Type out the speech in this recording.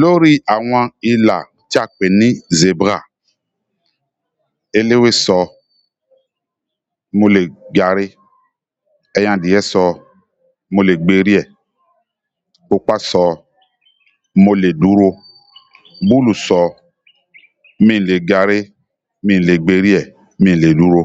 lórí àwọn ìlà tí a pè ní zebra. Eléwé sọ mo lè garé, ẹyin adìyẹ sọ mo lè gberí ẹ̀, pupa sọ mo lè dúró, búlù sọ mi ǹ lè garé, mi lè gberí ẹ̀, mi lè dúró.